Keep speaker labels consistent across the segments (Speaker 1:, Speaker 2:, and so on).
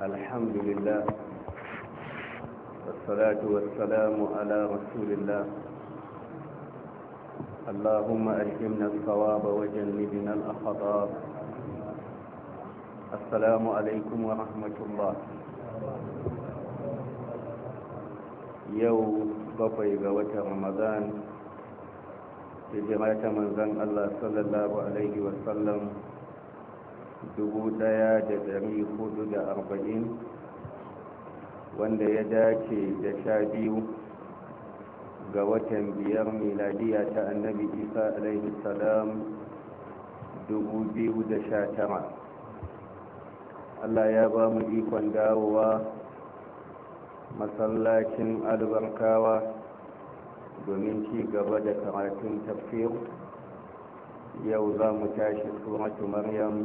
Speaker 1: الحمد لله والصلاة والسلام على رسول الله اللهم ألهمنا الصواب وجنبنا الأخطاء السلام عليكم ورحمة الله يوم بقي بوت رمضان hijira ta الله صلى الله عليه وسلم dubu ɗaya da ɗari hudu da arba'in wanda ya dace da sha biyu ga watan biyar miladiya ta annabi isa alaihi salam dubu biyu da sha tara allah ya ba mu ikon dawowa masallacin albarkawa domin ci gaba da karatun tafsir yau za mu tashi suratu maryam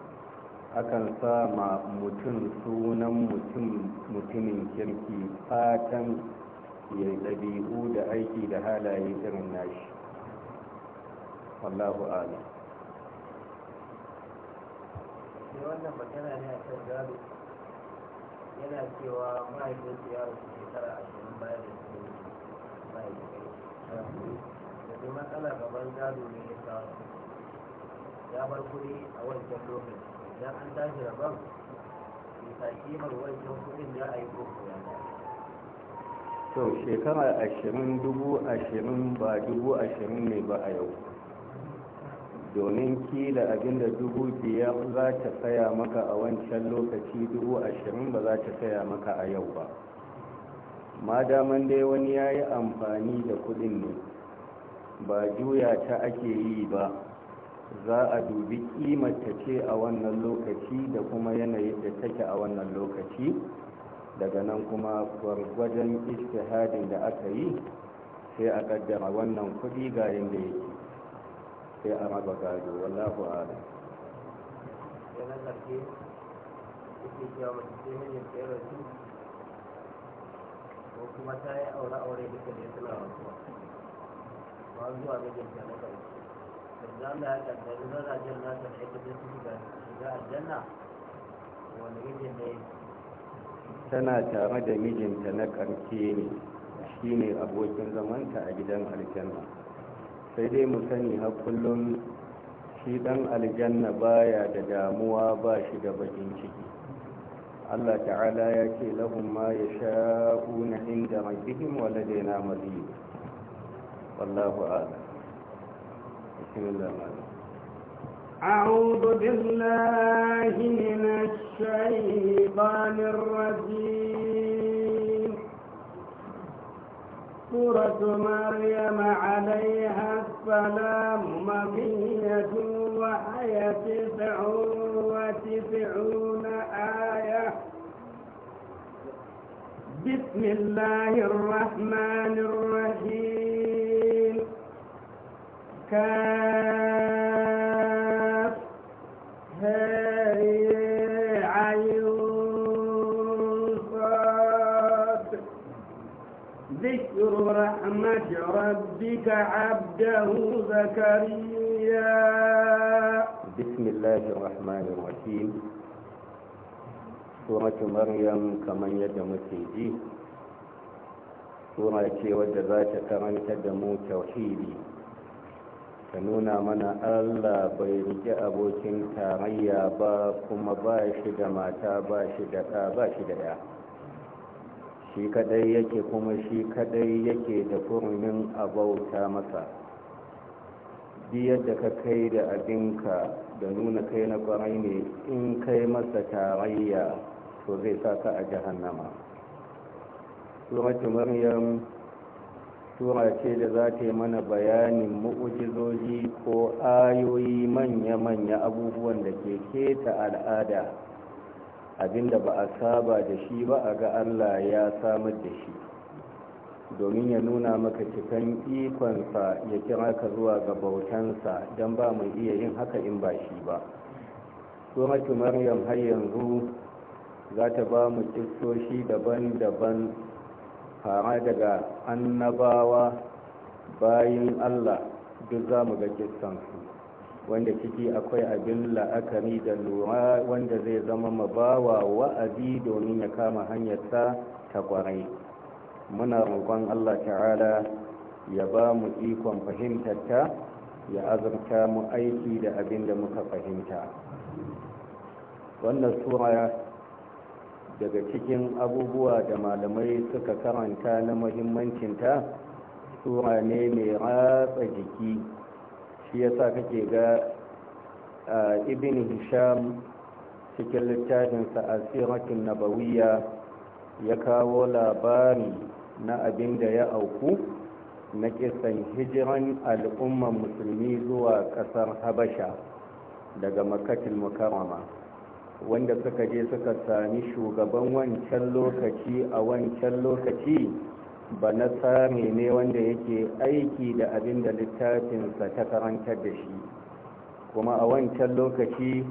Speaker 1: akan sama mutum sunan mutum mutumin kirki fatan ya yi ɗabi'u da aiki da halaye irin nashi wallahu ala
Speaker 2: sai wannan magana ne a kan gado
Speaker 1: yana cewa ma'aikata ya rasu shekara ashirin bayan da su ma'aikata da dai matsala gaban gado ne ya kawo ya bar kuɗi a wancan lokaci idan an tashi rabon bisa
Speaker 2: kimar kudin da a yi koko
Speaker 1: to shekara ashirin dubu ashirin ba dubu ashirin ne ba a yau domin kila abinda dubu biyar za ta saya maka a wancan lokaci dubu ashirin ba za ta saya maka a yau ba madaman dai wani ya yi amfani da kudin ne ba juya ta ake yi ba za a dubi kimar ta ce a wannan lokaci da kuma yanayin da take a wannan lokaci daga nan kuma gwargwajen istihadin da aka yi sai a kaddama wannan kudi ga yadda yake sai a raba gado wallahu ala
Speaker 2: ko kuma ta yi aure-aure duka da ya suna rasuwa ba zuwa mijinta na ƙarshe da da
Speaker 1: tana tare da mijinta na ƙarfe ne shi ne abokin zamanta a gidan aljanna sai dai mu sani har kullum shi ɗan aljanna baya da damuwa ba shi da bakin ciki Allah ta'ala ya ce lahun ma ya na inda rabbihim wa na mazi wallahu a'lam بسم الله
Speaker 3: أعوذ بالله من الشيطان الرجيم سورة مريم عليها السلام مبية وآية تسع وتسعون آية بسم الله الرحمن الرحيم كاف هاي صاد ذكر رحمة ربك عبده زكريا
Speaker 1: بسم الله الرحمن الرحيم سورة مريم كمن يدمك سيدي سورة ce wadda za توحيدي ka nuna mana allah bai riƙe abokin tarayya ba kuma ba shi da mata ba shi da ɗa ba shi da ɗa shi kadai yake kuma shi kadai yake da furumin abauta masa biyar da ka kai da abinka da nuna kai na kwarai ne in kai masa tarayya to zai sa ka a jahannama suratu maryam sura ce da za ta yi mana bayanin mu'ujizoji ko ayoyi manya-manya abubuwan da ke keta al'ada abinda ba a saba da shi ba a ga allah ya samar da shi domin ya nuna maka cikin ikonsa ya kira ka zuwa ga bautansa don ba mu iya yin haka in ba shi ba suratu maryam har yanzu za ta ba mu daban-daban Fara daga annabawa bayin allah duk za mu ga su wanda ciki akwai abin la'akari da lura wanda zai zama mabawa wa'azi domin ya kama hanyarsa ta kwarai muna roƙon allah ta'ala ya ba mu ikon fahimtarta ya azurta mu aiki da abin da muka fahimta wannan sura daga cikin abubuwa da malamai suka karanta na muhimmancinta sura ne mai ratsa jiki shi yasa kake ga ibn hisham cikin littafinsa a siratun nabawiya ya kawo labari na abin da ya auku na kisan hijiran al'umman musulmi zuwa kasar habasha daga makatil mukarrama wanda suka je suka sami shugaban wancan lokaci a wancan lokaci ba na sami ne wanda yake aiki da abin da littafinsa ta karantar da shi kuma a wancan lokaci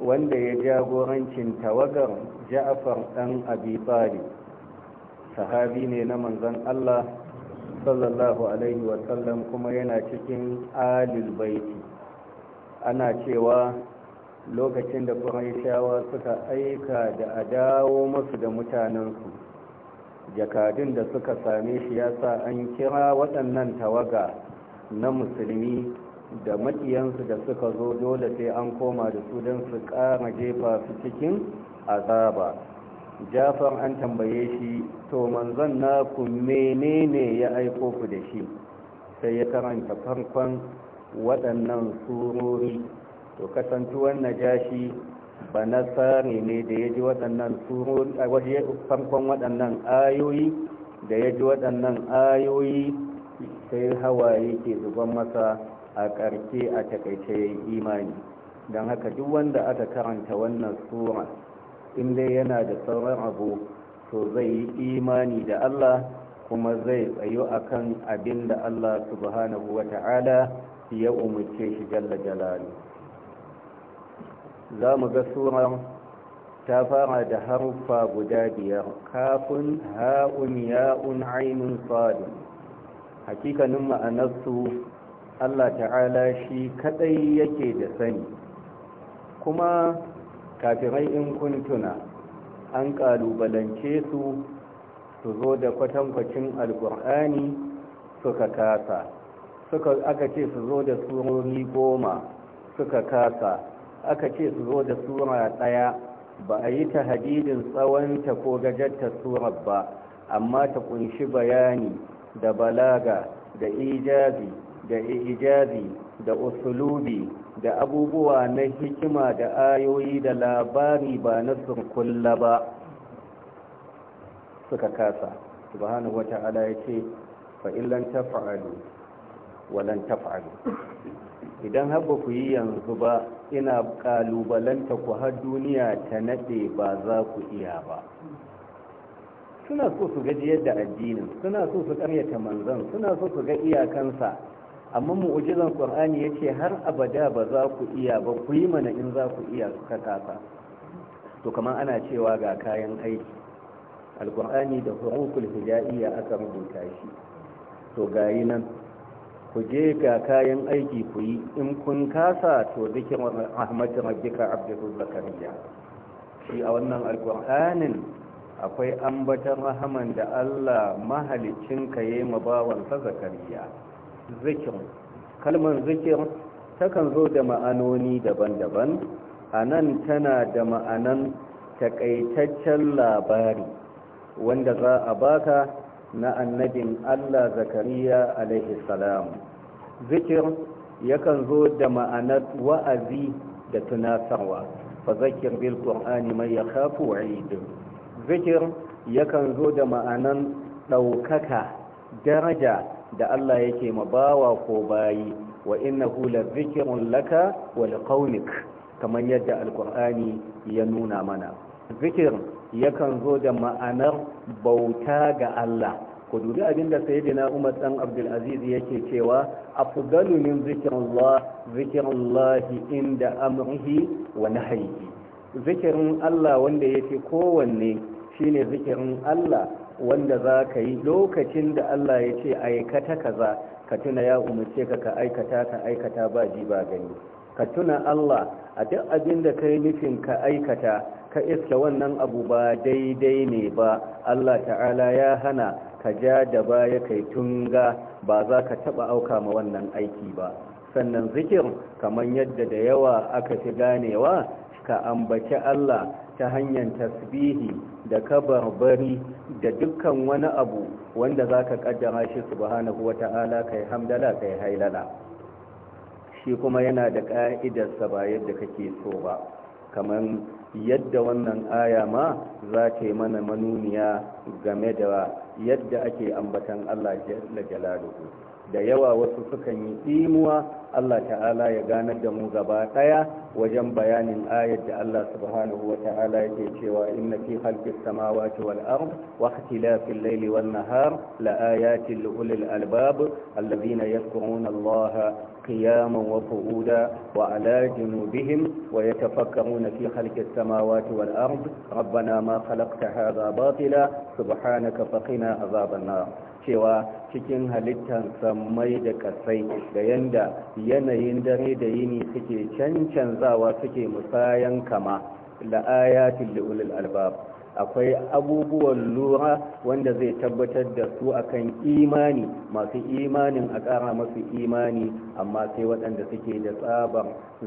Speaker 1: wanda ya jagorancin tawagar ja'afar ɗan abi sahabi ne na manzan Allah sallallahu alaihi wasallam kuma yana cikin alil ana cewa lokacin da ƙuraishawa suka aika da a dawo masu da mutanensu jakadun da suka same shi ya sa an kira waɗannan tawaga na musulmi da maƙiyansu da suka zo dole sai an koma da su don su ƙara jefa su cikin azaba jafar an tambaye shi to manzon naku menene ya aiko ku da shi sai ya karanta farkon waɗannan surori to wannan najashi ba tsari ne da ya ji waɗannan farkon waɗannan ayoyi da ya ji waɗannan ayoyi sai hawaye ke zuban masa a ƙarfe a takaice ya yi imani don haka duk wanda aka karanta wannan sura in dai yana da sauran abu to zai yi imani da allah kuma zai tsayo kan abin da allah subhanahu wa ta'ala ya umarce shi jalla jalali za mu ga surar ta fara da haruffa guda biyar kafin ha'un ya'un ainihin sadin hakikanin ma'anarsu allah ta'ala shi kadai yake da sani kuma kafirai in kuntuna an kalubalance su su zo da kwatankwacin alkur'ani suka kasa suka aka ce su zo da surori goma suka kasa aka ce su zo da sura ɗaya ba a yi ta hadidin tsawonta ko gajarta surar ba amma ta kunshi bayani da balaga da ijazi da ijazi da usulubi da abubuwa na hikima da ayoyi da labari ba na surkulla ba suka kasa subhanahu ala ya ce fa'illan tafa'alu walan tafa'alu idan haɓa ku yi yanzu ba ina ƙalubalanta ku har duniya ta naɗe ba za ku iya ba suna so su gaji yadda addinin suna so su karyata manzan suna so su ga iyakansa amma mu'ujizan ƙur'ani ya ce har abada ba za ku iya ba ku yi mana in za ku iya suka kasa to kamar ana cewa ga kayan aiki alƙur'ani da hurukul hija'iyya aka rubuta shi to gayi nan ku je ga kayan aiki ku yi in kun kasa to zikin ahmadu rajika abdullahi zakariya shi a wannan alkur'anin akwai ambatan rahaman da Allah mahalicin ka yayi mabawansa zakariya zikir kalmar zikir takan zo da ma'anoni daban-daban a nan tana da ma'anan takaitaccen labari wanda za a baka na annabin Allah Zakariya alaihi salam zikir yakan zo da ma'anar wa'azi da tunasarwa fa zakir bil qur'ani man yakhafu wa'id zikir yakan zo da ma'anar ɗaukaka daraja da Allah yake ma bawa ko bayi wa innahu hula zikrun laka wa kamar yadda alkur'ani ya nuna mana zikir yakan zo da ma'anar bauta ga Allah ku dubi abinda sayyidina Umar dan Abdul Aziz yake cewa afdalu min zikrullah zikrullah inda amrihi wa nahyihi zikirin Allah wanda yake kowanne shine zikirin Allah wanda za ka yi lokacin da Allah ya ce aikata kaza ka tuna ya umarce ka ka aikata ka aikata ba ji ba gani ka tuna Allah a duk abin da ka yi nufin ka aikata ka iska wannan abu ba daidai ne ba Allah ta'ala ya hana ka ja da baya kai tunga ba za ka taba auka ma wannan aiki ba sannan zikir kamar yadda da yawa aka fi ganewa ka ambaci Allah ta hanyar tasbihi da kabarbari da dukkan wani abu wanda za ka kaddara shi subhanahu wa ta'ala kai hamdala kai hailala shi kuma yana da ƙa'idarsa ba yadda kake so ba kamar yadda wannan aya ma za ta yi mana manuniya game da yadda ake ambatan Allah jalla jalaluhu da yawa wasu sukan yi tsimuwa Allah ta'ala ya ganar da mu gaba ɗaya wajen bayanin ayar da Allah subhanahu wa ta'ala yake cewa inna fi khalqis samawati wal ard wa ikhtilafil layli wan nahar la ayatin li ulil albab alladhina yadhkuruna Allah قياما وقعودا وعلى جنوبهم ويتفكرون في خلق السماوات والأرض ربنا ما خلقت هذا باطلا سبحانك فقنا عذاب النار cewa cikin halittar sammai da kasai da yanda yanayin dare da yini suke cancanzawa suke musayan kama la ayatin albab akwai abubuwan lura wanda zai tabbatar da su akan imani masu imanin a ƙara masu imani amma sai waɗanda suke da tsabar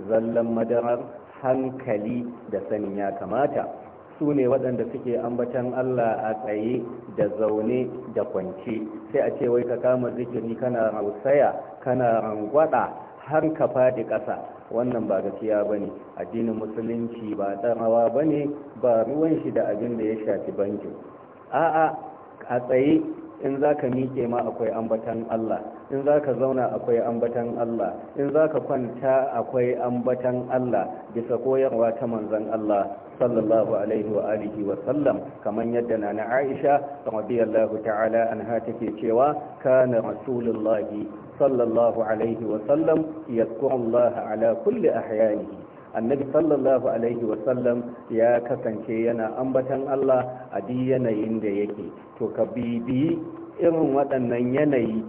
Speaker 1: zallan madarar hankali da sanin ya kamata su ne waɗanda suke ambatan Allah a tsaye da zaune da kwanci sai a ce wai ka kama zikiri kana rausaya kana rangwada har ka fadi ƙasa wannan ba gaskiya ba ne addinin musulunci ba tsarawa ba ne ba ruwan shi da abin da ya shafi bankin a'a a tsaye in za ka miƙe ma akwai ambatan allah in za ka zauna akwai ambatan Allah in za ka kwanta akwai ambatan Allah bisa koyarwa ta manzan Allah sallallahu alaihi wa alihi wa sallam kamar yadda na Aisha radiyallahu ta'ala anha take cewa kana rasulullahi sallallahu alaihi wa sallam yadhkurullaha ala kulli ahyanihi annabi sallallahu alaihi wa sallam ya kasance yana ambatan Allah a duk yanayin da yake to ka bibi irin waɗannan yanayi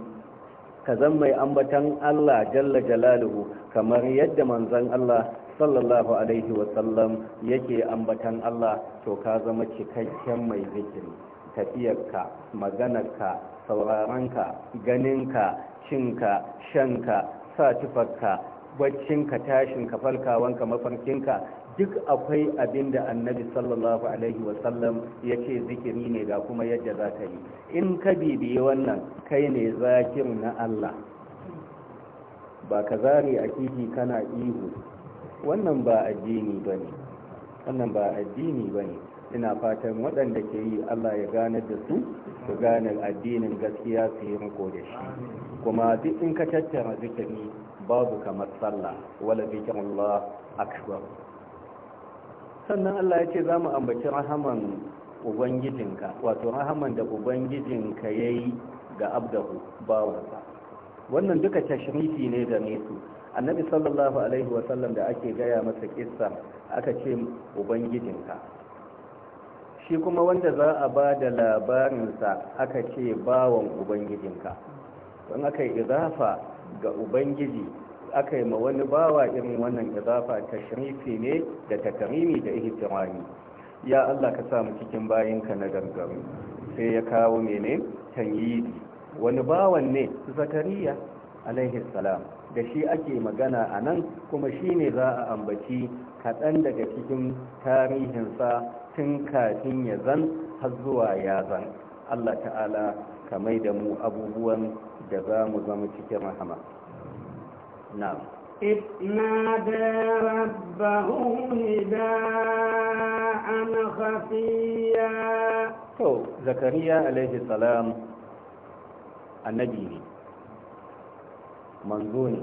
Speaker 1: ka zan mai ambatan Allah jalla jalaluhu kamar yadda manzon Allah sallallahu alaihi wasallam yake ambatan Allah to ka zama cikakken mai zikiri tafiyarka maganarka sauraronka ganinka cinka shanka sa tufarka baccinka tashinka falkawanka mafarkinka duk akwai abin da annabi sallallahu alaihi wasallam ya ce zikiri ne ga kuma yadda za ka yi in ka bibiye wannan kai ne zakir na Allah ba ka zare a kifi kana ihu wannan ba addini ba ne wannan ba addini ba ne ina fatan waɗanda ke yi Allah ya gane da su su gane addinin gaskiya su yi riko da shi kuma duk in ka tattara zikiri babu kamar sallah wala zikirin akbar sannan Allah ya ce za mu ambaci rahaman ubangijinka wato rahaman da ubangijinka ya yi ga abdahu bawansa wannan duka tashrifi ne da nesu annabi sallallahu alaihi wasallam da ake gaya masa kissa aka ce ubangijinka shi kuma wanda za a ba da labarinsa aka ce bawan ubangijinka don aka yi izafa ga ubangiji aka yi ma wani bawa irin wannan izafa sharifi ne da takarimi da ihtirami ya Allah ka samu cikin bayan ka na gargaru sai ya kawo mene tanyidi wani bawan ne zakariya alaihi salam da shi ake magana a nan kuma shi ne za a ambaci kaɗan daga cikin tarihinsa tun kafin ya zan har zuwa ya zan Allah ta'ala ka mai da mu abubuwan da za mu zama cikin rahama نعم
Speaker 3: إذ نادى ربه نداء خفيا
Speaker 1: تو زكريا عليه السلام النبي manzo ne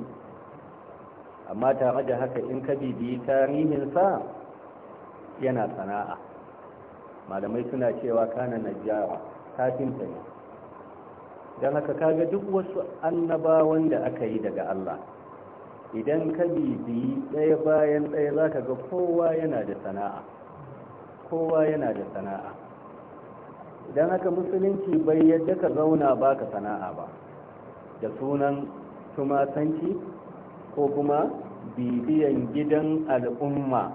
Speaker 1: amma tare da haka in ka bibiyi tarihinsa yana sana'a malamai suna cewa kana najjara kafinta ne don haka kaga duk wasu annabawan da aka yi daga Allah idan ka bibiyi ɗaya bayan ɗaya za ka ga kowa yana da sana'a kowa yana da sana'a idan haka musulunci bai yadda ka zauna ba ka sana'a ba da sunan tumatanci ko kuma bibiyan gidan al'umma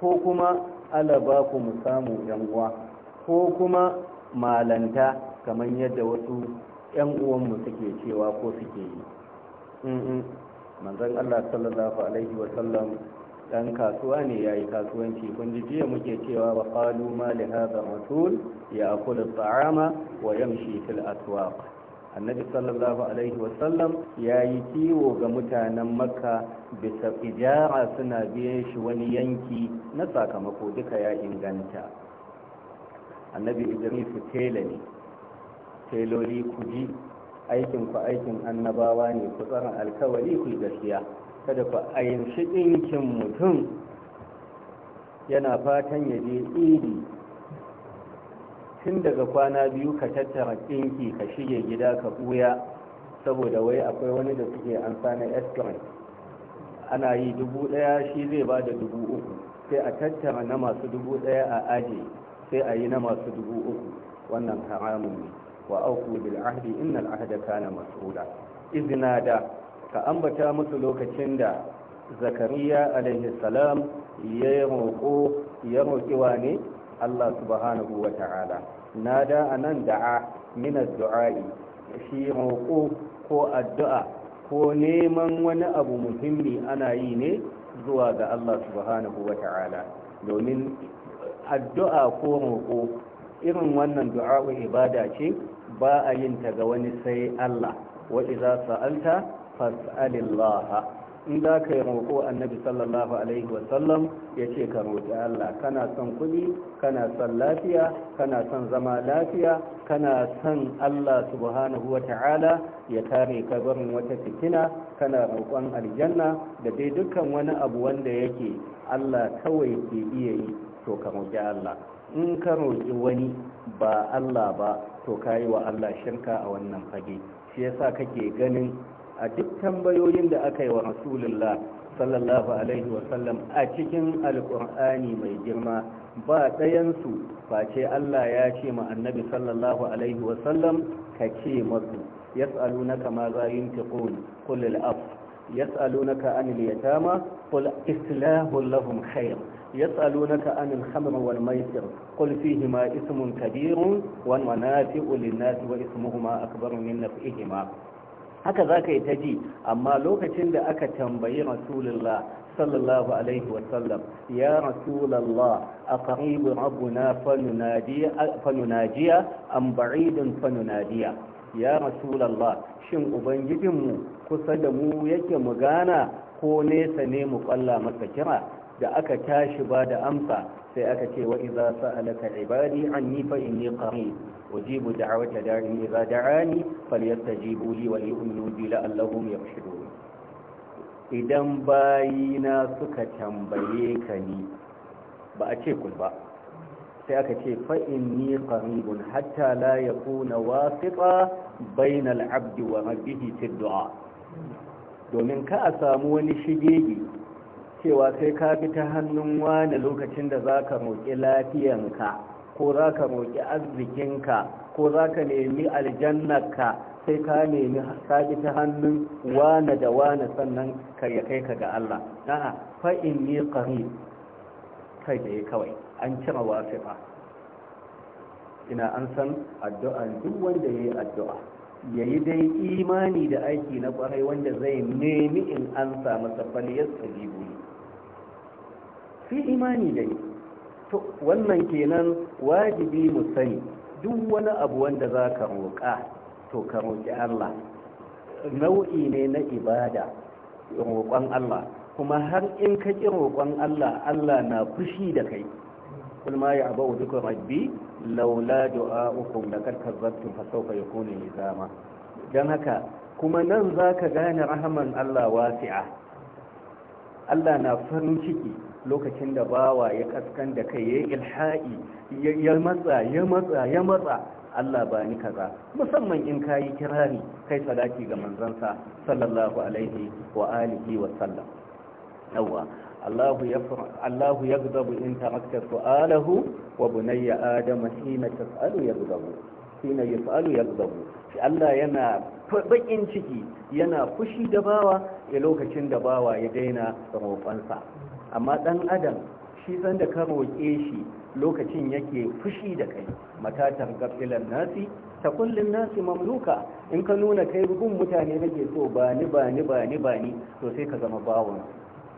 Speaker 1: ko kuma alaba ku mu samu uwa ko kuma malanta kamar yadda wasu 'yan uwanmu suke cewa ko suke yi manzon Allah sallallahu alaihi wa sallam dan kasuwa ne yayi kasuwanci kun ji jiya muke cewa wa qalu ma li hadha rasul ya akulu taama wa yamshi fil aswaq annabi sallallahu alaihi wasallam ya yi kiwo ga mutanen makka bisa ijara suna biyan shi wani yanki na sakamako duka ya inganta annabi idris tela ne teloli kuji aikin ku aikin annabawa ne ku tsaron alkawari ku gaskiya kada ku shi ɗinkin mutum yana fatan ya je idi tun daga kwana biyu ka tattara ɗinki ka shige gida ka ɓuya saboda wai akwai wani da suke an na estimate ana yi dubu ɗaya shi zai ba da dubu uku sai a tattara na masu dubu ɗaya a aji sai a yi na masu dubu uku wannan haramun ne وأوفوا بالعهد إن العهد كان مسؤولا إذ نادى كأنبتا مثل لوكتشندا زكريا عليه السلام يروقو يروقواني الله سبحانه وتعالى نادى أن دعا من الدعاء shi roƙo ko addu'a ko neman wani abu muhimmi ana yi ne zuwa ga Allah subhanahu wa ta'ala domin addu'a ko roƙo irin wannan du'a'u ibada ce ba a yin ta ga wani sai Allah wa idza sa'alta fas'alillah in za ka yi roƙo annabi sallallahu alaihi wasallam ya ce ka roƙi Allah kana son kuɗi kana son lafiya kana son zama lafiya kana son Allah subhanahu wa ta'ala ya kare ka barin wata fitina kana roƙon aljanna da dai dukkan wani abu wanda yake Allah kawai ke iya yi to ka roƙi Allah in ka roƙi wani ba Allah ba to kayi wa Allah shirka a wannan fage shi yasa kake ganin a duk tambayoyin da aka yi wa rasulullah sallallahu alaihi wasallam a cikin alkur'ani mai girma ba ɗayansu face Allah ya ce ma annabi sallallahu alaihi wasallam ka ce masu yas'alunaka ma za yunfiqun qul al-af yas'alunaka anil yatama qul islahul lahum khair يسألونك عن الخمر والميسر قل فيهما اسم كبير ومنافع للناس واسمهما أكبر من نفعهما haka za ka yi ta ji amma lokacin da aka tambayi rasulullah sallallahu alaihi wasallam ya rasulallah a karibu rabuna fanunajiya an ba'idun fanunadiya ya rasulallah shin ubangijinmu kusa da mu yake mu gana ko nesa ne mu kwalla masa kira da aka tashi ba da amsa sai aka ce wa iza sa'alaka ibadi anni fa inni qarib ujibu da'wata da'i idza da'ani falyastajibu li wa yu'minu bi la'allahum yarshudun idan bayina suka tambaye ka ni ba a ce kun ba sai aka ce fa inni hatta la yakuna wasita bainal abdi wa rabbihi fi du'a domin ka a samu wani shigegi cewa sai ka bi ta hannun wani lokacin da za ka roƙi lafiyanka ko za ka roƙi arzikinka ko za ka nemi aljannarka sai ka nemi ka bi ta hannun wani da wani sannan ka ya kai ka ga Allah a'a fa inni qarib kai da kawai an wasu wasifa ina an san addu'a duk wanda yayi addu'a yayi dai imani da aiki na kwarai wanda zai nemi in an samu safaliyar sabibu su imani da ni to wannan kenan wajibi mu sani duk wani abu wanda za ka roƙa to ka roƙi Allah nau'i ne na ibada roƙon Allah kuma har in ka ƙi roƙon Allah Allah na fushi da kai ma ya abu duka rabbi laula du'a'ukum kad kazzabtum fa sawfa yakunu nizama dan haka kuma nan zaka gane rahaman Allah wasi'a Allah na farin ciki lokacin da bawa ya kaskan da kai yayi ilha'i ya matsa ya matsa ya matsa Allah ba ni kaza musamman in yi kirari kai sadaki ga manzansa sallallahu alaihi wa alihi wa sallam yawa الله wa bunayya adama shi na tas'alu ya gudabu shi na يغضب ya gudabu shi Allah yana bakin ciki yana fushi da bawa ya lokacin da bawa ya daina roƙonsa amma ɗan adam shi san da ka roƙe shi lokacin yake fushi da kai matatar gafilan nasi ta kullum nasi mamluka in ka nuna kai rubun mutane nake so ba ni ba ni ba ni ba ni to sai ka zama bawon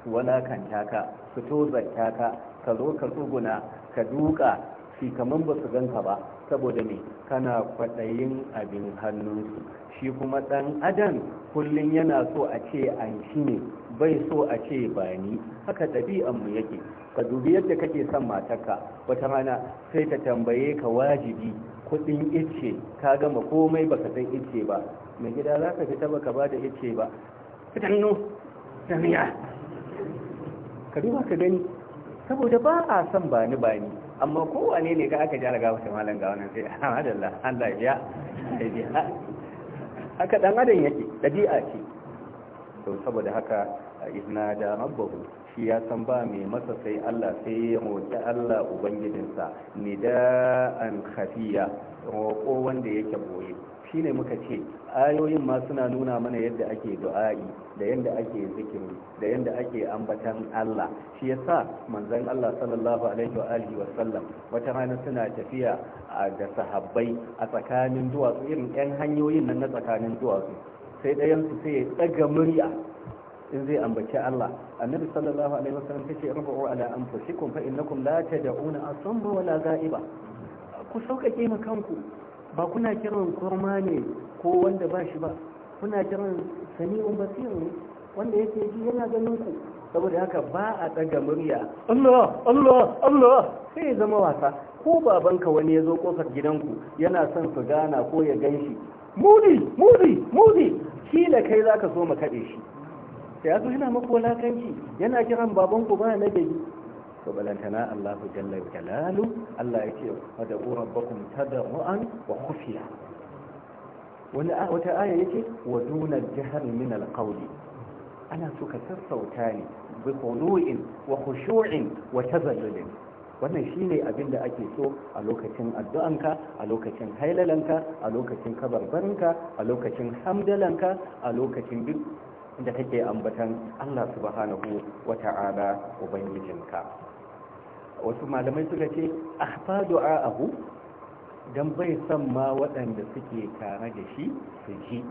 Speaker 1: walakanta taka fito zarta ka ka zo ka tsuguna ka duka shi kamar ba su ganka ba saboda ne kana kwaɗayin abin hannunsu shi kuma ɗan adam kullum yana so a ce an shi ne bai so a ce ba ni haka ɗabi'anmu yake ka dubi yadda kake son matarka wata rana sai ta tambaye ka wajibi kuɗin ice ka gama komai baka san ice ba mai gida za ka fita baka ba da ice ba fitannu samiya ka duba ka gani saboda ba a son bani bani amma kowane ne ga aka ji alaga wasu malam ga wannan sai an lafiya a yi haka dan adam yake ɗabi'a ce to saboda haka izina da rabbahu shi ya san ba mai masa sai Allah sai ya hoci Allah ubangijinsa an hafiya roƙo wanda yake boye shine muka ce ayoyin ma suna nuna mana yadda ake du'a'i da yanda ake zikiri da yanda ake ambatan Allah shi yasa manzon Allah sallallahu alaihi wa alihi wa sallam wata rana suna tafiya da sahabbai a tsakanin duwatsu irin yan hanyoyin nan na tsakanin duwatsu sai ɗayan su sai ya daga murya in zai ambaci Allah annabi sallallahu alaihi sallam tace rubu ala anfusikum fa innakum la tad'una asamba wala ga'iba ku sauƙaƙe ma kanku ba kuna kiran kurma ne ko wanda ba shi ba kuna jiran sami'un basirun wanda yake ji yana ganin ku saboda haka ba a daga murya Allah Allah Allah sai ya zama wasa ko babanka wani ya zo kofar gidanku yana son su gana ko ya ganshi mudi mudi shi kila kai zaka so mu kaɗe shi sai yazo yana maku walakanci yana kiran babanku ba na gari to balantana Allahu jalla jalalu Allah yake wa da rabbakum tadarruan wa khufiya wani wata aya yake wa jihar jahar min ana so ka sassauta ne bi khulu'in wa khushu'in wa tazallulin wannan shine abin da ake so a lokacin addu'anka a lokacin hailalanka a lokacin kabarbarinka a lokacin hamdalanka a lokacin duk da kake ambatan Allah subhanahu wa ta'ala ubangijinka wasu malamai suka ce ahfa du'a'ahu don bai san ma waɗanda suke tare da shi su ji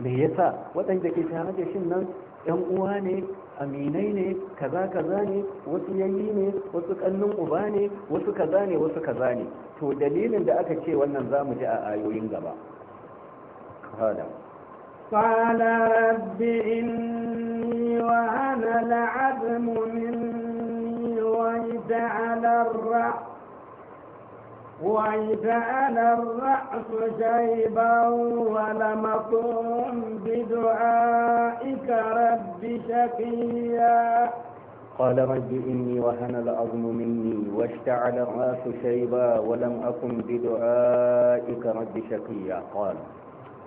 Speaker 1: me yasa waɗanda ke tare da shi nan yan uwa ne aminai ne kaza kaza ne wasu yayi ne wasu kannun uba ne wasu kaza ne wasu kaza ne to dalilin da aka ce wannan zamu ji a ayoyin gaba kada
Speaker 3: قال رب إني وأنا العظم مني وجعل الرأس وإذا أنا الرأس شيبا ولم أقم بدعائك رب شقيا
Speaker 1: قال رب إني وهن العظم مني واشتعل الرأس شيبا ولم أقم بدعائك رب شقيا قال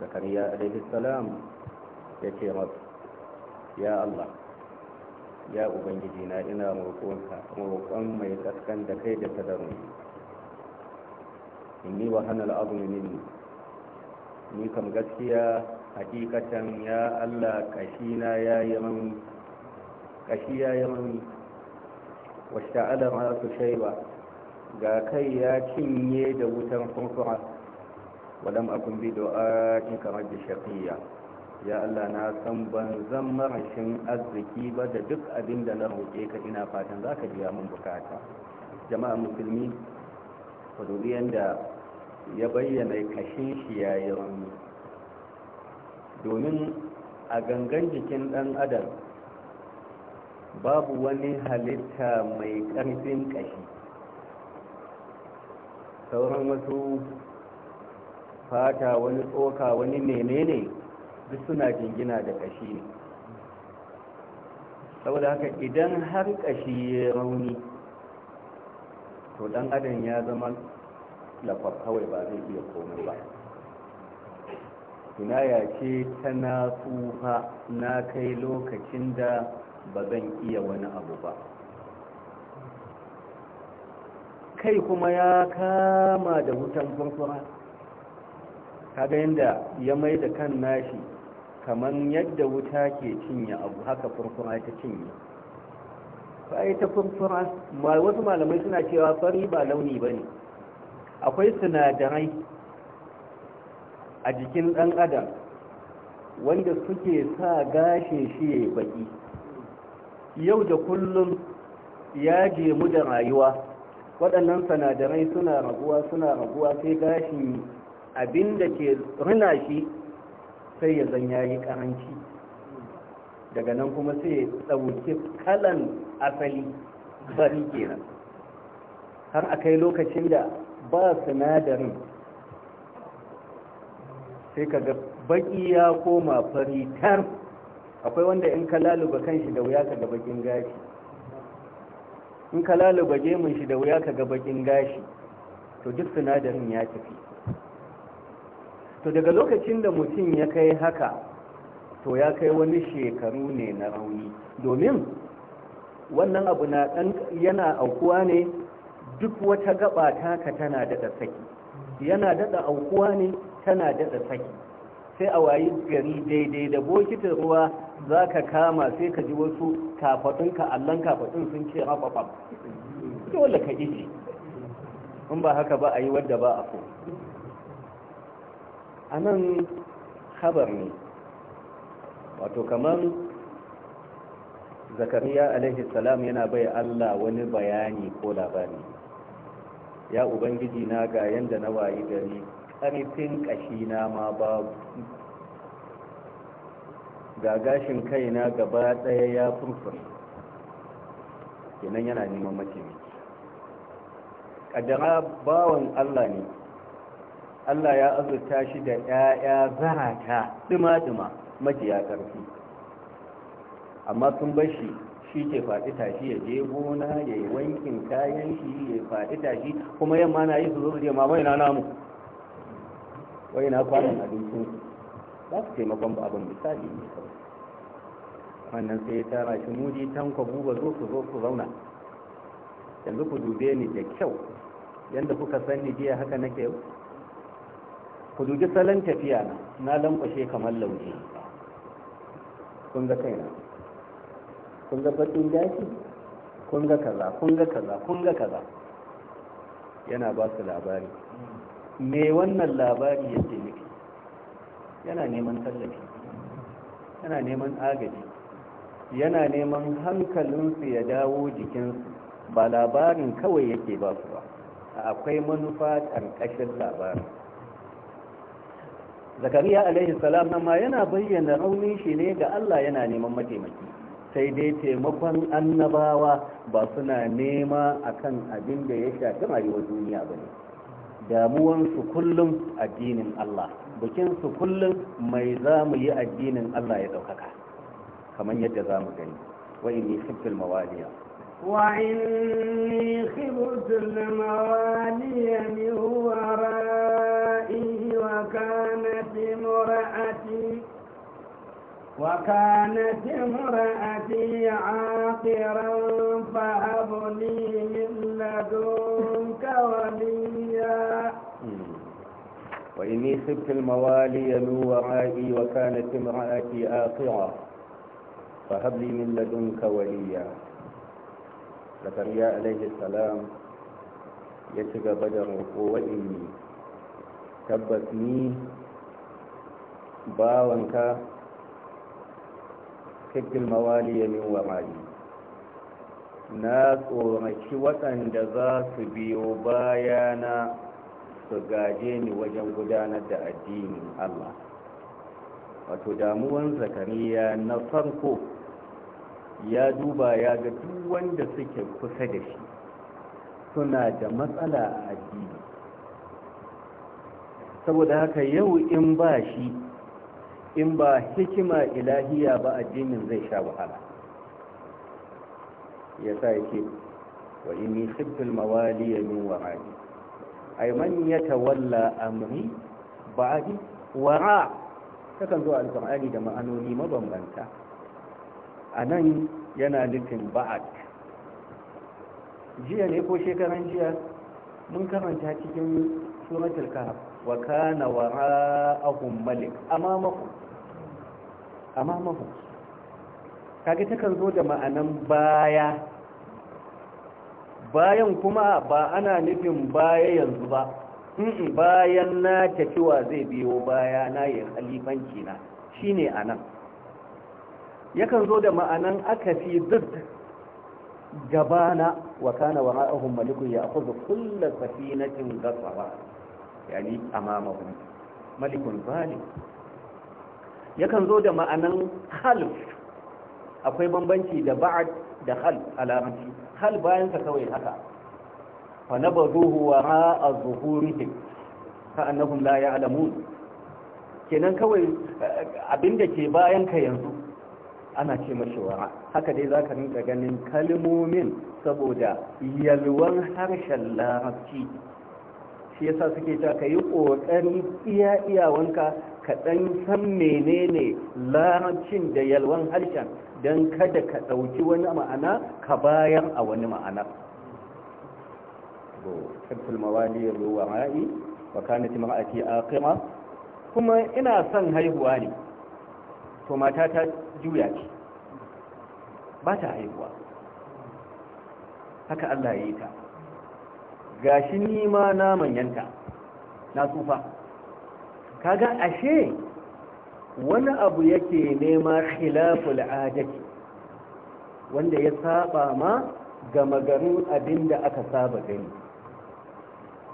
Speaker 1: زكريا عليه السلام يا رب يا الله يا أبنجينا إنا مرقونها مرقون ما يتسكن دكيدة تدرني inni wa hana ne minni ni kam gaskiya hakikatan ya Allah kashina ya yi mani kashi ya yi mani wasta alama su shaiba ga kai ya cinye da wutan furfura Wadam akun bi do'a in kamar da shaqiya ya Allah na san ban zan marashin arziki ba da duk abin da na roƙe ka ina fatan za ka biya mun bukata jama'a musulmi ku dubi yanda ya bayyana kashin shi ya yi rauni domin a gangan jikin dan adam babu wani halitta mai ƙarfin kashi sauran wasu fata wani tsoka wani menene duk suna jingina da kashi ne saboda haka idan har kashi ya rauni to dan adam ya zama lafar kawai ba zai iya komai ba Ina ce ta na na kai lokacin da ba zan iya wani abu ba kai kuma ya kama da wutan furfura kaga yadda ya mai da kan nashi kamar yadda wuta ke cinye abu haka furfura ta cinye ba ta furfura wasu malamai suna cewa fari ba launi ba ne akwai sinadarai a jikin ɗan adam wanda suke sa gashin shi ya baki yau da kullum ya mu da rayuwa waɗannan sinadarai suna raguwa suna raguwa sai gashin abin da ke rina shi sai ya zan yayi ƙaranci. daga nan kuma sai ya ɗauki kalan asali bari kenan har a kai lokacin da ba sinadarin sai ka ga baki ya koma fari tar akwai wanda in ka laluba shi da wuya ka ga bakin gashi in ka laluba gemun shi da wuya ka ga bakin gashi to duk sinadarin ya tafi to daga lokacin da mutum ya kai haka to ya kai wani shekaru ne na rauni domin wannan abu na yana aukuwa ne duk wata gaba taka tana daɗa saki yana daɗa aukuwa ne tana daɗa saki sai a wayi gari daidai da bokitin ruwa za ka kama sai ka ji wasu ka allon kafaɗin sun ce rafafaf dole ka iji in ba haka ba a yi wadda ba a ko a nan habar ne wato kamar zakariya alaihi salam yana bai allah wani bayani ko labari ya ubangiji na ga yanda na wayi gari ƙarfin ƙashina ma babu ga gashin kaina gaba ɗaya ya furfur kenan yana neman mataimaki ƙaddara bawan allah ne allah ya azurta shi da 'ya'ya zarata dima-dima majiya karfi amma sun bashi shi ke faɗi tashi ya je gona ya yi wankin kayan shi ya faɗi tashi kuma yamma na yi su zo su je ma na namu wai na kwanan abincin za su taimakon ba abin misali ne kawai wannan sai ya tara shi muji tanko buba zo ku zo ku zauna yanzu ku dube ni da kyau yadda kuka sani jiya haka nake yau ku dubi salon tafiya na lankwashe kamar lauje kun ga kaina kun ga bakin jaki kun ga kaza kun ga kaza kun ga kaza yana ba su labari me wannan labari yake miki yana neman tallafi yana neman agaji yana neman hankalinsu ya dawo jikinsu ba labarin kawai yake ba su ba akwai manufa ƙarƙashin labarin zakariya alaihi salam ma yana bayyana raunin shi ne ga allah yana neman mataimaki sai dai taimakon annabawa ba suna nema akan abin da ya shafi arewa duniya ba ne damuwansu kullum addinin Allah bikinsu kullum mai za mu yi addinin Allah ya ɗaukaka kamar yadda za mu gani wa yi khiftul
Speaker 2: mawaliya
Speaker 3: وإني وكانت امرأتي عاقرا فهبني من لدنك وليا
Speaker 1: وإني خبت الموالي من ورائي وكانت امرأتي آخرة فهب لي من لدنك وليا زكريا عليه السلام يتقى بدر وإني تبت ني باونك kafin mawali min wa'ali na tsoraki waɗanda za su biyo bayana su gaje ni wajen gudanar da addinin Allah wato damuwan zakariya na farko ya duba ya ga duk wanda suke kusa da shi suna da matsala a addini saboda haka yau in ba shi in ba hikima ilahiya ba addinin zai sha wahala ya sa yake wa inni khiftul mawaliya min wa'adi ay man yatawalla amri ba'di wara takan zo Alkur'ani da ma'anoni mabambanta anan yana nufin ba'ad jiya ne ko shekaran jiya mun karanta cikin suratul kahf wa kana wara'ahum malik amamahu amamahu kage takan zo da ma'anan baya bayan kuma ba ana nufin baya yanzu ba bayan na tafiwa zai biyo baya na yin alifanci na shine anan yakan zo da ma'anan aka fi duk gabana wa kana wara'ahum malikun na kullu safinatin ghasaba yani amamahu malikun zalim yakan zo da ma'anan half akwai bambanci da ba'd da hal alamati hal bayan sa kawai haka fa nabaduhu wa ra'a zuhurihim fa annahum la ya'lamun kenan kawai eh, abinda ke bayan ka yanzu ana ce mashi wara haka dai zaka rinka ganin kalmomin saboda yalwan harshen larabci shi yasa suke ta ka yi ƙoƙari iya iyawanka ka ɗan san menene larabcin da yalwan harshen don kada ka ɗauki wani ma'ana ka bayan a wani ma'ana tattul mawali ruwa ra'i wa kanat mar'ati aqima kuma ina son haihuwa ne to mata ta juya ce ba ta haihuwa haka Allah ya yi ta ga shi nima na manyanta na tsufa kaga ashe wani abu yake nema khilaful adati wanda ya saba ma ga magarin abin aka saba gani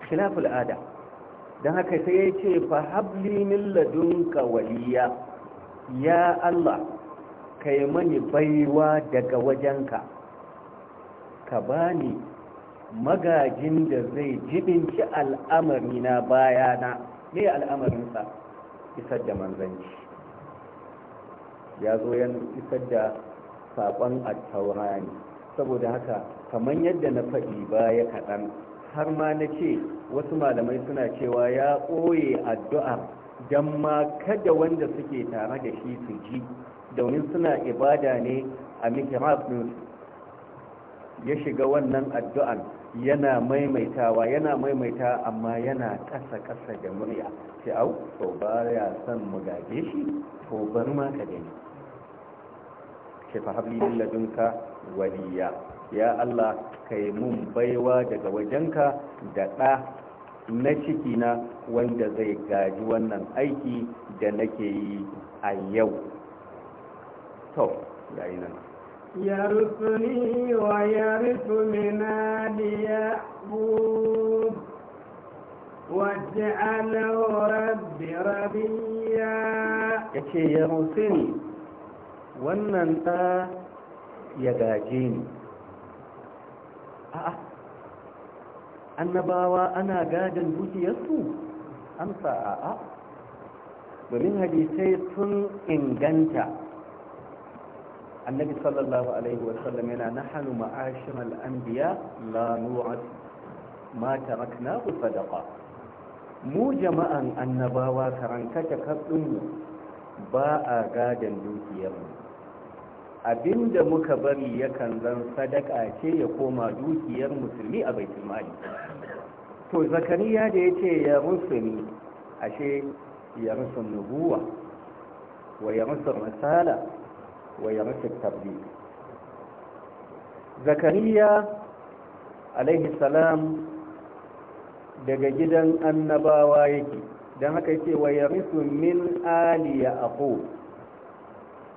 Speaker 1: khilaful ada don haka sai ya ce fa habli min ladunka waliya ya Allah kai mani baiwa daga wajenka ka bani magajin da zai jibinci al'amari na bayana ne al'amarinsa isar da manzanci ya zo yan isar da saƙon a taurani saboda haka kamar yadda na faɗi baya kaɗan har ma na ce wasu malamai suna cewa ya ɓoye addu'a don ma kada wanda suke tare da shi su ji domin suna ibada ne a mihrab ya shiga wannan addu'an yana maimaitawa yana maimaita amma yana ƙasa ƙasa da murya sai au to ba ya son mu gaje shi to bar ma ka gani ke fa habli ladunka waliya ya Allah kai mun baiwa daga wajenka da ɗa na ciki na wanda zai gaji wannan aiki da nake yi a yau to nan
Speaker 3: يرثني ويرث من آل يأبوب واجعله رب ربيا
Speaker 1: يكي يرثني wannan ɗa ya gaje ni a'a annabawa ana gadon dukiyarsu amsa a'a domin hadisai sun inganta annabi sallallahu alaihi wasallam yana nahanu ma'ashir al'ambiya la nu'at ma ku sadaqa mu jama'an annabawa karankata kaɗinmu ba a gadon dukiyarmu abinda muka bari yakan zan sadaka ce ya koma dukiyar musulmi a baitulmali to zakariya da ya ce ya rusuni ashe ya rusun nubuwa wa ya rusun risala wa ya tabbi zakariya alaihi salam daga gidan annabawa yake don haka yake wa ya mutu min ali yaqub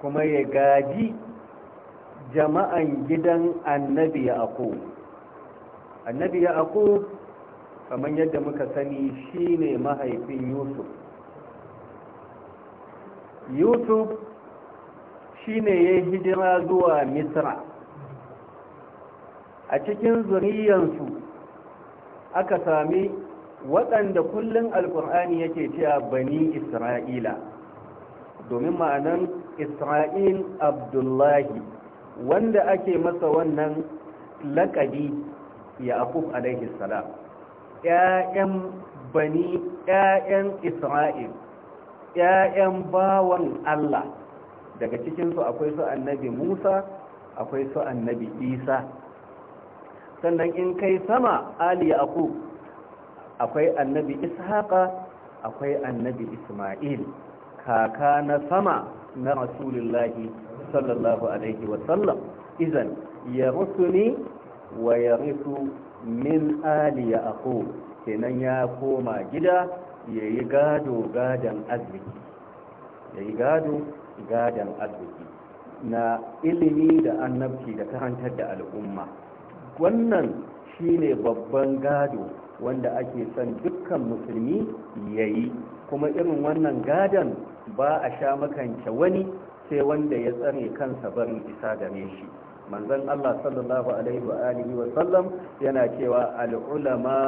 Speaker 1: kuma ya gaji jama'an gidan annabi yaqub annabi yaqub kamar yadda muka sani shine mahaifin yusuf yusuf shine ya yi hijira zuwa misra a cikin zuriyansu aka sami waɗanda kullum alkur'ani yake cewa bani isra'ila domin ma'anan isra'il abdullahi wanda ake masa wannan laƙabi ya akuf alaihi salam
Speaker 3: ‘ya'yan
Speaker 1: bani ‘ya'yan isra'il ‘ya'yan bawan Allah daga cikinsu akwai su annabi musa akwai su annabi isa sannan in kai sama ali aku akwai annabi ishaqa akwai annabi isma'il kaka na sama na rasulullahi sallallahu alaihi wasallam izan ya rusuni wa ya rusu min ali aku kenan ya koma gida ya yi gado gadon arziki ya yi gado gadan arziki na ilimi da annabci da karantar da al'umma wannan shine babban gado wanda ake son dukkan musulmi ya yi kuma irin wannan gadon ba a sha makance wani sai wanda ya tsare kansa barin isa game shi manzon Allah sallallahu alaihi wa sallam yana cewa al'ulama ulama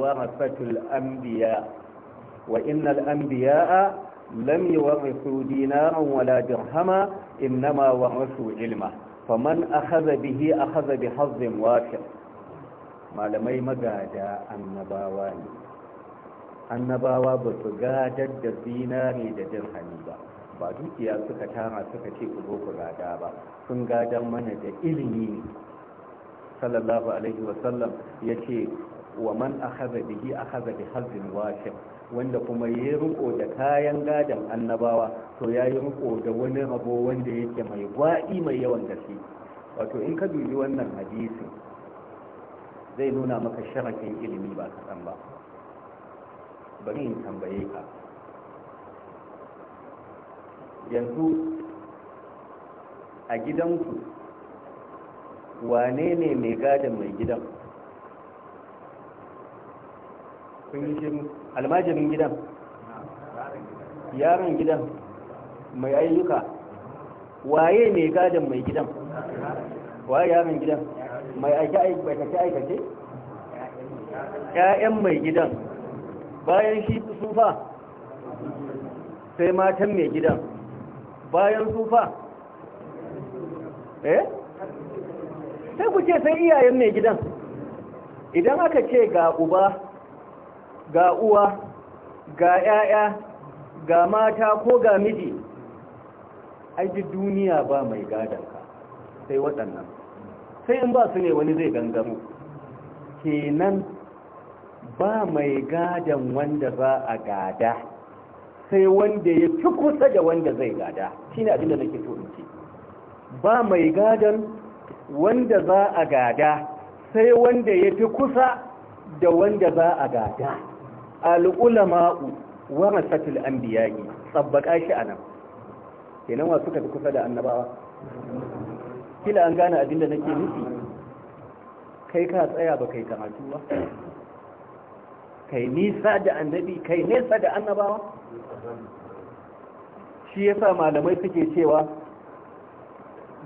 Speaker 1: warasatul anbiya wa innal لم يورثوا دينارا ولا درهما إنما ورثوا علما فمن أخذ به أخذ بحظ وافر ما لمي مقادا النباوان النباوا بتقادا الدينار درهمي ba dukiya suka tara suka ce ku zo ku gada ba sun gadar mana da ilimi sallallahu alaihi wasallam ya ce wa man akhadha bihi akhadha bi hazin washir wanda kuma ya riko da kayan gadon annabawa to ya yi riko da wani rabo wanda yake mai gwaɗi mai yawan gaske wato in ka dubi wannan hadisi zai nuna maka sharakin ilimi ba kaɗan ba bari in tambaye ka yanzu a gidanku wane ne mai gadon mai gidan kun yi shiru almajirin gidan yaron gidan mai ayyuka waye mai gadon mai gidan waye yaron gidan mai aikace aikace ƴaƴan mai gidan bayan shi sufa sai matan mai gidan bayan sufa eh sai ku ce sai iyayen mai gidan idan aka ce ga uba ga uwa ga 'ya'ya ga mata ko ga miji aji duniya ba mai ka sai waɗannan sai in ba su ne wani zai gangamo kenan ba mai gadan wanda za a gada sai wanda ya fi kusa da wanda zai gada shi ne abinda nake so in ce ba mai gadan wanda za a gada sai wanda ya fi kusa da wanda za a gada al'ulama'u biya anbiya'i tsabbaka shi anan kenan wa suka fi kusa da annabawa kila an gane abin da nake nufi kai ka tsaya ba kai karatu ba kai nisa da annabi kai nesa da annabawa shi yasa malamai suke cewa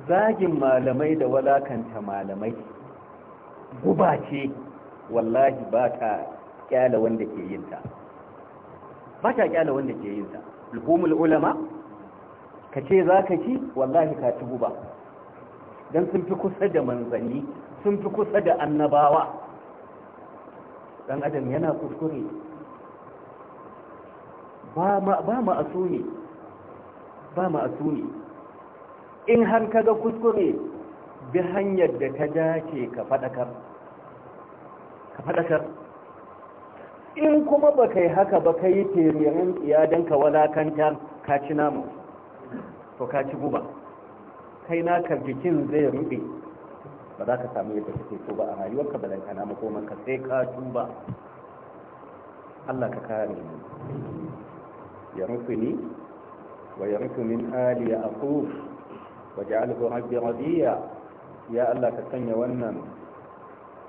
Speaker 1: zagin malamai da walakanta malamai guba ce wallahi ba ta kyala wanda ke yin ta ba ta kyala wanda ke yin ta hukumul ulama ka ce za ka ci wallahi ka ci guba don sun fi kusa da manzanni sun fi kusa da annabawa dan adam yana kuskure ba ma'asuni ba ma'asuni in har ka ga kuskure bi hanyar da ta dace ka faɗakar ka faɗakar in kuma ba kai haka ba ka yi teriyarin iyadan ka walakanta ka ci namu to ka ci guba kai naka jikin zai rube ba za ka samu yadda kake so ba a ka ba dan kana makoman ka sai ka tuba Allah ka kare mu ya rufe ni? wa ya rufe min ali ya aquf wa ja'alhu rabbi radiya ya Allah ka sanya wannan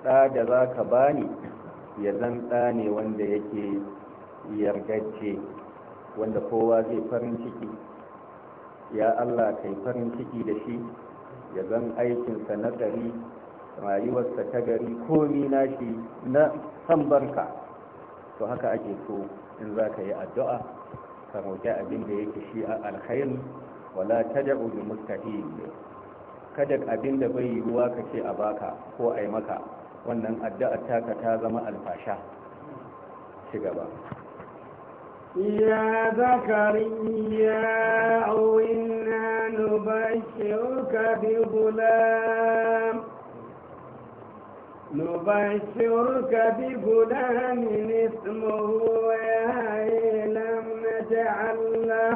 Speaker 1: da da zaka bani ya zan ne wanda yake yargacce wanda kowa zai farin ciki ya allah kai farin ciki da shi ya zan aikinsa na gari rayuwarsa ta gari komi nashi na san barka to haka ake so in za ka yi addu'a ka roƙi abin da yake shi a alkhairi wala ta da'u bi kada abin da bai yiwuwa ka ce a baka ko a yi maka wannan addu’a taka ta zama alfasha ci gaba
Speaker 3: ya Zakariya, wina owin na nuba ke oka bi gulam ya yi lam na allah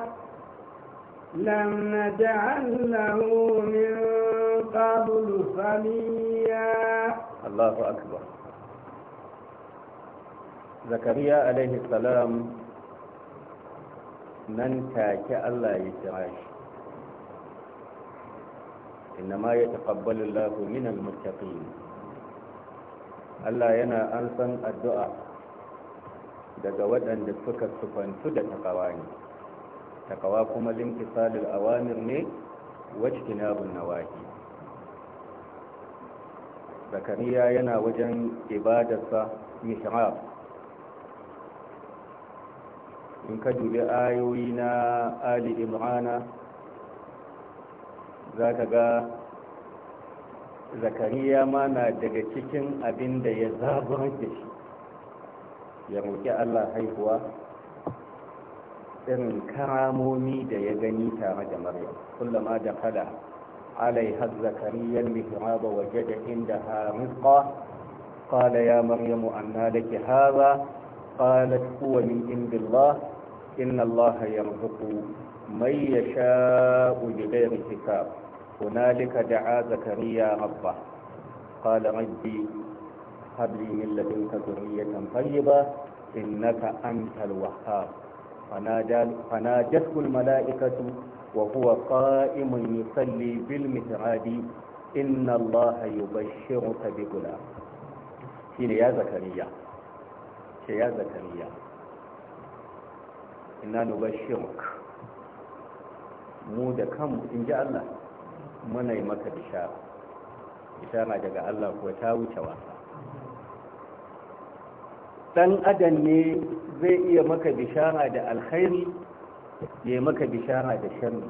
Speaker 3: لم نجعل له من قبل صليا
Speaker 1: Allahu akbar zakariya alaihi salam nan take Allah ya kira shi innama ya taqabbalu Allah yana an san addu'a daga waɗanda suka sufantu da takawa ne takawa kuma limtisalul awamir ne wajtinabun wake. zakariya yana wajen ibadarsa mihrab in ka dubi ayoyi na ali imrana za ka ga zakariya ma na daga cikin abin da ya zaburar da shi ya roƙi allah haihuwa irin karamomi da ya gani tare da maryam kullum da kada عليها زكريا المهراب وجد عندها رزقا قال يا مريم أنى لك هذا قالت هو من عند الله إن الله يرزق من يشاء بغير حساب هنالك دعا زكريا ربه قال ربي هب لي من لدنك ذرية طيبة إنك أنت الوهاب فنادته الملائكة وهو قائم يصلي بالمهراب إن الله يبشرك بغلام شين يا زكريا يا زكريا إنا نبشرك mu da kanmu in ji Allah muna yi maka bishara bishara daga Allah kuwa ta wuce wasa dan adam ne zai iya maka bishara da alkhairi ya maka bishara da shan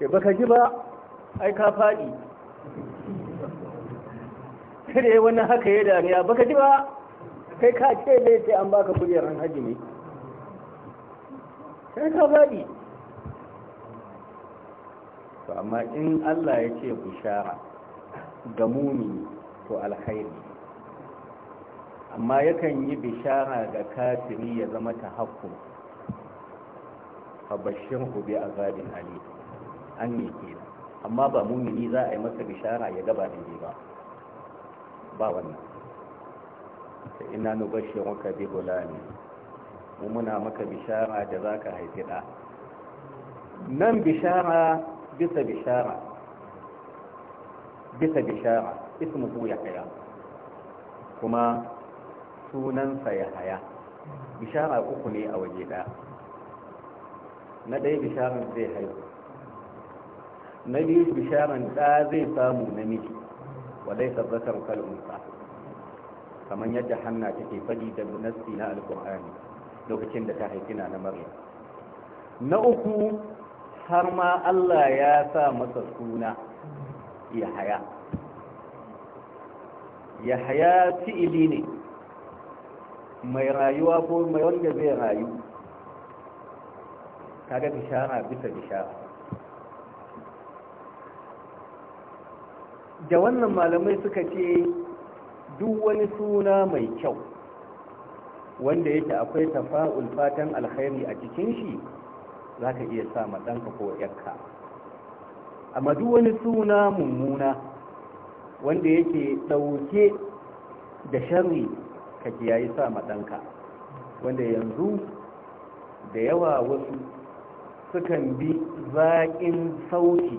Speaker 1: ya baka ji ba ai ka faɗi kada yi wani haka ya dariya baka ji ba kai ka ce ne sai an baka kujerar hajji ne
Speaker 3: sai ka faɗi
Speaker 1: to amma in Allah ya ce bishara ga mumini to alkhairi amma yakan yi bishara ga kafiri ya zama ta hakku fabashirhu a azabin ali an ne ke amma ba mumini za a yi masa bishara ya gaba da ne ba ba wannan ta ina nubashiruka bi gulami mu muna maka bishara da za ka haifi ɗa nan bishara bisa bishara bisa bishara ya haya kuma sunansa ya haya bishara uku ne a waje ɗaya na ɗaya bisharan zai haihu na biyu bisharan ɗa zai samu namiji wadai sabbakar kal'unsa kamar yadda hanna take faɗi da nasti na alƙur'ani lokacin da ta haifi na na marya. na uku har ma Allah ya sa masa suna yahaya yahaya fi'ili ne mai rayuwa ko mai wanda zai rayu kaga bishara bisa bishara da wannan malamai suka ce duk wani suna mai kyau wanda yake akwai tafa'ul fatan alkhairi a cikin shi za ka iya sa ɗanka ko yakka amma duk wani suna mummuna wanda yake ɗauke da sharri ka kiyayi sa ma ɗanka wanda yanzu da yawa wasu sukan bi zaƙin sauti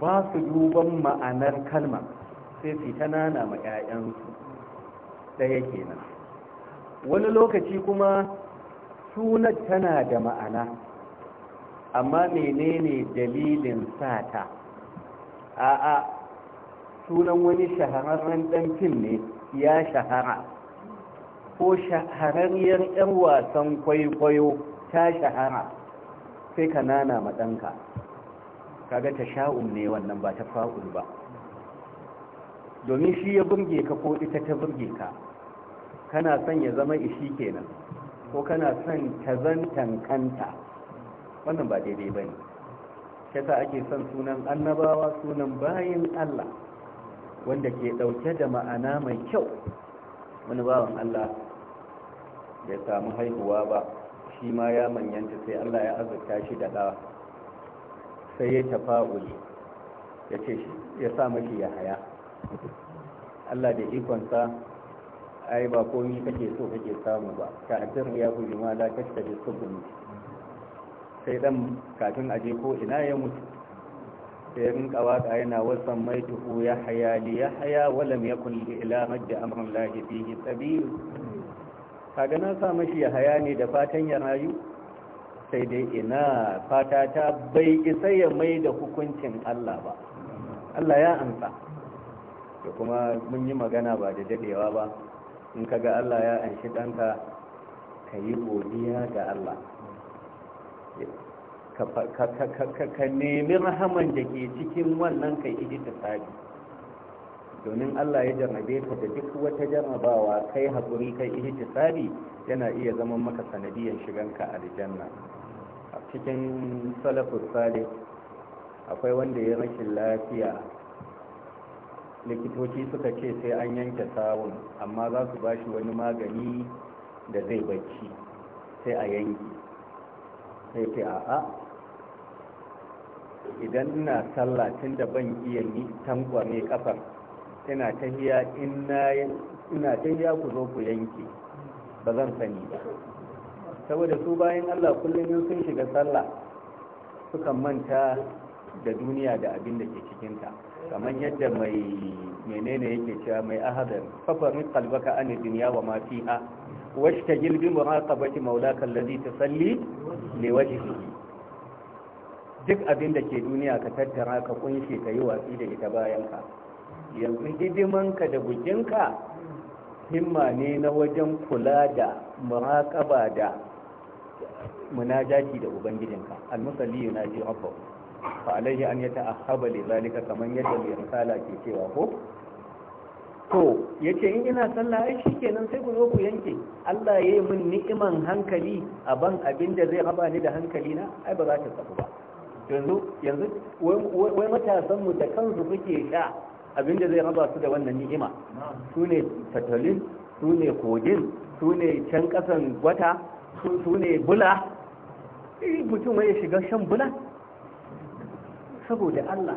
Speaker 1: ba su duban ma'anar kalma sai su ta nana ma 'ya'yansu ɗaya kenan wani lokaci kuma sunan tana da ma'ana amma menene dalilin sata a'a sunan wani shahararren ɗan fim ne ya shahara ko shahararriyar 'yan wasan kwaikwayo ta shahara sai ka nana maɗanka kaga ta sha'um ne wannan ba ta fa'ul ba domin shi ya burge ka ko ita ta burge ka kana son ya zama ishi kenan ko kana son ta zantan kanta wannan ba daidai ba ne shata ake son sunan annabawa sunan bayan allah wanda ke ɗauke da ma'ana mai kyau wani bawan allah bai samu haihuwa ba shi ma ya manyanta sai Allah ya azurta shi da dawa sai ya tafa'uli ya ce ya sa mashi ya haya Allah da ikonsa ai ba komi kake so kake samu ba ta'addar ya guji ma la kashtabi subun sai dan kafin aje ko ina ya mutu sai rinka waka yana wasan mai tuhu ya haya li ya haya walam yakun li ila majda amrun lahi fihi sabil kaga na sa mashi ya haya ne da fatan ya rayu sai dai ina fata ta bai isa ya mai da hukuncin Allah ba Allah ya amsa da kuma mun yi magana ba da dadewa ba in kaga Allah ya anshi danka ka yi godiya ga Allah ka nemi rahaman da ke cikin wannan kai sabi domin Allah ya jarrabe ka da duk wata jarrabawa kai haƙuri kai ihtisabi yana iya zama maka sanadiyar shiganka aljanna a cikin salafus salih akwai wanda ya rashin lafiya likitoci suka ce sai an yanke sawun amma za su bashi wani magani da zai bacci sai a yanki sai ce a idan na sallah tun da ban iya ni mai kafar ina ta ina ku zo ku yanke ba zan sani ba saboda su bayan Allah kullum yin sun shiga sallah sukan manta da duniya da abin da ke cikinta kamar yadda mai menene yake cewa mai ahadar fafarin kalbaka an duniya wa ma fiha washta gilbi muraqabati ta allazi tasalli li wajhihi duk abin da ke duniya ka tattara ka kunshe ka yi watsi da ita bayan ka yanzu hidimanka da bukinka himma ne na wajen kula da muraƙaba da munajaji da ubangijinka almusalli yunaji rabbahu fa alaihi an yata'ahhaba li zalika kaman yadda mai risala ke cewa ko to yace in ina sallah ai shikenan sai ku zo ku yanke Allah yayi min ni'iman hankali a ban abin da zai haba ni da hankali na ai ba za ta tsafu ba yanzu yanzu wai matasan mu da kansu suke sha abinda zai raba su da wannan ni'ima su ne tattalin su ne kogin su ne can kasan gwata su ne bula eh, mutum ya shiga shan bula saboda Allah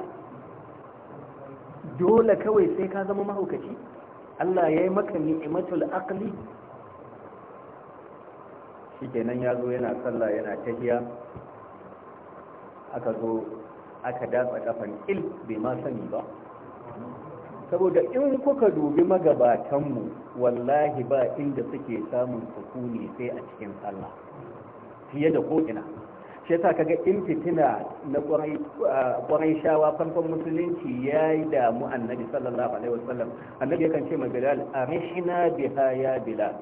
Speaker 1: dole kawai sai ka zama mahaukaci Allah ya yi maka ni'imatul aqli kenan ya zo yana sallah yana tahiya aka zo aka dasa kafan il bai ma sani ba saboda in kuka dubi magabatanmu wallahi ba inda suke samun sukuni sai a cikin Allah fiye da ko'ina shi yasa kaga in fitina na ƙwarai shawa farkon musulunci ya yi damu annabi sallallahu alaihi wasallam annabi yakan ce ma bilal rishina biha ya bilal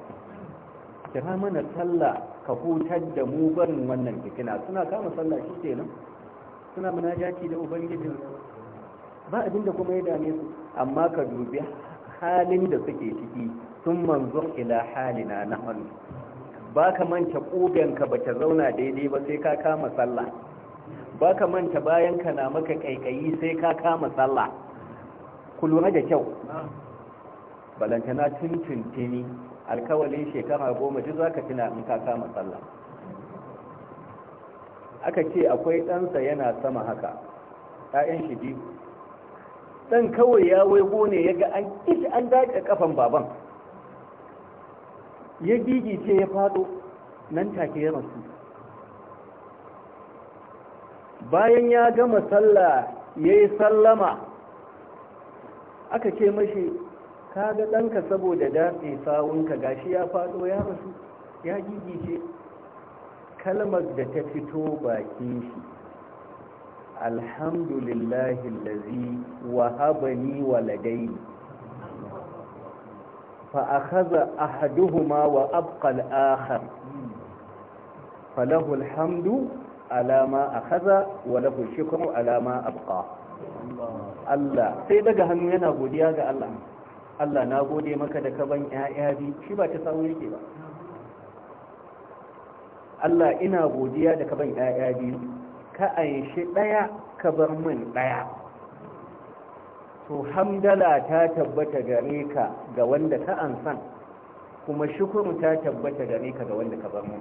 Speaker 1: kira mana sallah ka hutar da mu barin wannan fitina suna kama sallah shi kenan suna munajaci da ubangijinsu ba abinda kuma ya dame su amma ka dubi halin da suke ciki sun manzo ila halina na hannu ba ka manta ƙuganka ba ta zauna daidai ba sai ka kama sallah ba ka manta bayan ka na maka ƙaiƙayi sai ka kama sallah ku lura da kyau balantana tuntuntuni alkawalin shekara goma duk za ka tuna in ka kama sallah aka ce akwai ɗansa yana sama haka 'ya'yan shi biyu dan kawai ya waigo ne ya ga an ita an daƙe kafan baban ya gigice ya faɗo nan take ya rasu bayan ya gama sallah ya yi sallama aka ce mashi ka ga ɗanka saboda datse sawunka gashi ya faɗo ya rasu ya gigice kalmar da ta fito bakin shi alhamdulillahi ni wahabani waladaini fa akhadha ahaduhuma wa abqal akhar falahu alhamdu alama ma akhadha wa lahu shukru alama ma abqa Allah sai daga hannu yana godiya ga Allah Allah na gode maka da kaban ƴaƴa bi shi ba ta samu yake ba Allah ina godiya da kaban ƴaƴa biyu ka anshi ɗaya ka bar min ɗaya to hamdala ta tabbata gare ka ga wanda ka ansan kuma shukuru ta tabbata gare ka ga wanda ka bar min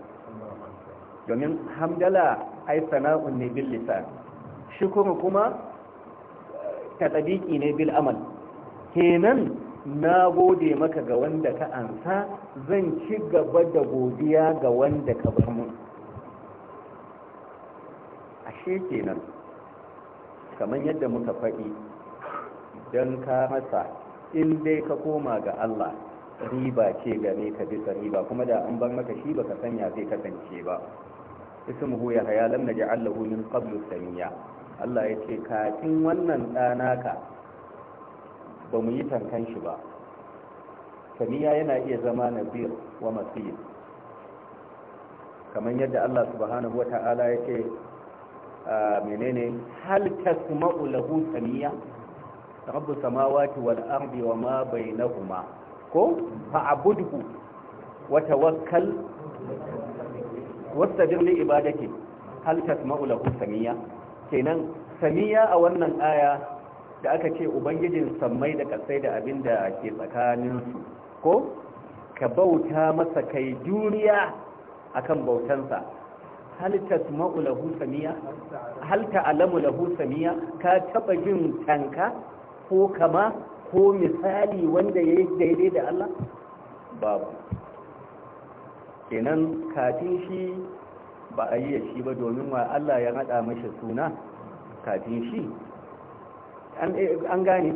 Speaker 1: domin hamdala ai sana'un ne bil lisan shukuru kuma ta eh, tabiki ne bil amal kenan na gode maka ga wanda ka ansa zan ci gaba da godiya ga wanda ka bar mun ashe kenan kamar yadda muka faɗi don ka masa in dai ka koma ga Allah riba ce game ka bisa riba kuma da an bar maka shi ba baka sanya zai kasance ba ismuhu ya haya lam naj'al min qablu samiya Allah ya ce in wannan ɗanaka ba mu yi tankan shi ba samiya yana iya zama nabir wa masir kamar yadda Allah subhanahu wa ta'ala ya ce menene hal tasma'u lahu samiya rabbus samawati wal ardi wa ma bainahuma ko abudhu wa tawakkal wastabir li ibadati hal tasma'u lahu samiya kenan samiya a wannan aya da aka ce ubangijin sammai da kasai da abin da ke tsakaninsu ko ka bauta masa kai juriya akan bautansa hal tasma'u lahu samiya hal ta'lamu lahu samiya ka taba jin tanka ko kama ko misali wanda yayi daidai da Allah babu kenan kafin shi ba a yi da shi ba domin wa Allah ya hada mashi suna kafin shi an gane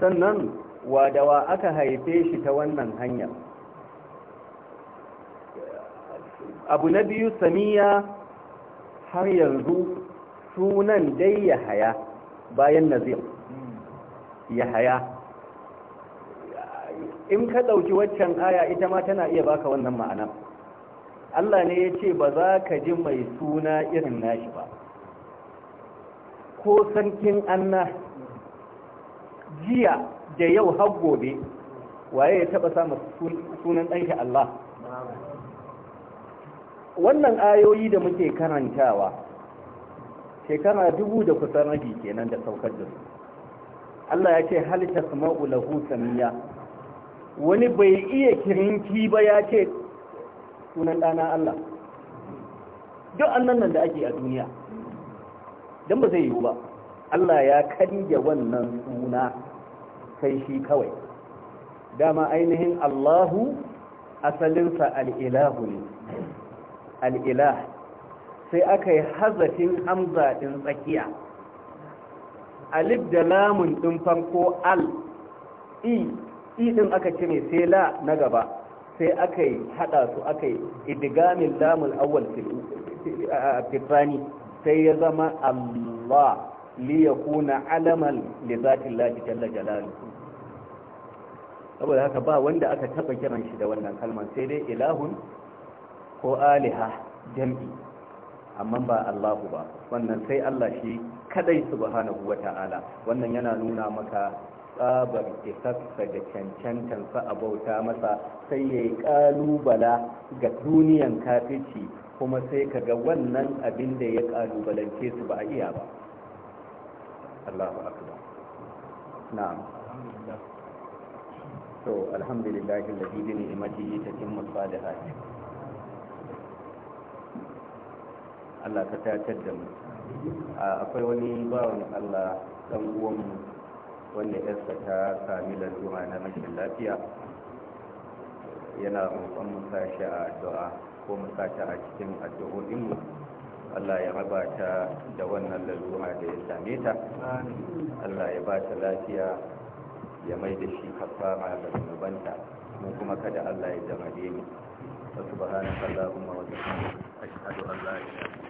Speaker 1: sannan wa da wa aka haife shi ta wannan hanyar
Speaker 2: abu na biyu
Speaker 1: samiya har yanzu sunan dai ya haya bayan nazir ya haya in ka ɗauki waccan aya ita ma tana iya baka wannan ma'ana Allah ne ya ce ba za ka ji mai suna irin nashi ba ko sarkin anna jiya da yau har gobe waye ya taɓa samun sunan ɗanke Allah wannan ayoyi da muke karantawa shekara dubu da kusan rabi kenan da saukar da su Allah ya ce hal tasma'u lahu samiya wani bai iya kirinki ba ya ce sunan ɗana Allah duk annan nan da ake a duniya don ba zai yiwu ba Allah ya karya wannan suna sai shi kawai dama ainihin Allahu asalinsa al'ilahu ne al'ilah sai aka yi hazafin hamza ɗin tsakiya alif da lamun ɗin farko al i i ɗin aka cire sai la na gaba sai aka yi haɗa su aka yi idigamin lamun awal fitani sai ya zama allah liyakuna alaman lizatin lafi jalla jalalu saboda haka ba wanda aka taɓa kiran shi da wannan kalman, sai dai ilahun ko aliha jam'i amma ba Allahu ba wannan sai Allah shi kadai subhanahu wata'ala wannan yana nuna maka tsabar isassa da cancantansa a bauta masa sai ya yi ƙalubala ga duniyan kafici kuma sai ka ga wannan abin da ya kalubalance su ba a iya ba Allahu akbar na'am so alhamdulillahi alladhi bi ni'matihi tatimmu salihati Allah ka tatar da mu akwai wani bawan Allah dan uwanmu wanda yarsa ta sami lalura na rashin lafiya yana roƙon mu sashi a addu'a ko mu sashi a cikin addu'o'inmu Allah ya raba ta da wannan lalura da ya same ta Allah ya ba ta lafiya ya mai da shi kafara ga zunubanta mu kuma kada Allah ya jamare mu
Speaker 2: subhanallahi wa bihamdihi ashhadu an la ilaha